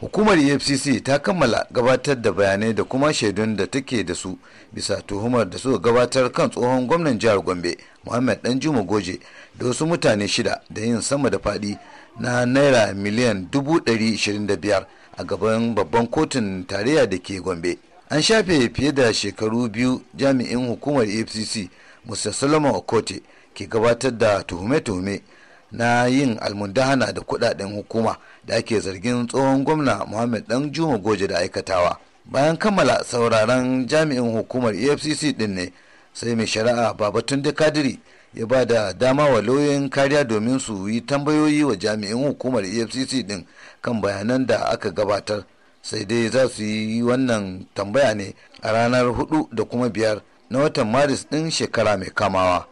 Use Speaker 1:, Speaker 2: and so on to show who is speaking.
Speaker 1: Hukumar EFCC ta kammala gabatar da bayanai da kuma shaidun da take da su bisa tuhumar da suka gabatar kan tsohon gwamnan jihar Gombe Muhammad juma Goje da wasu mutane shida da yin sama da fadi na naira miliyan dubu ɗari biyar a gaban babban kotun tarayya da ke Gombe. An shafe fiye da shekaru biyu jami'in hukumar EFCC Musa salama Okote ke gabatar da tuhume-tuhume na yin almundahana da kudaden hukuma da ake zargin tsohon gwamna muhammad dan juma goje da aikatawa bayan kammala sauraron jami'in hukumar efcc din ne sai mai shari'a babatunde kadiri ya ba da dama wa lauyoyin kariya domin su yi tambayoyi wa jami'in hukumar efcc din kan bayanan da aka gabatar sai dai za su yi wannan tambaya ne a ranar 4 da kuma biyar na watan maris din shekara mai kamawa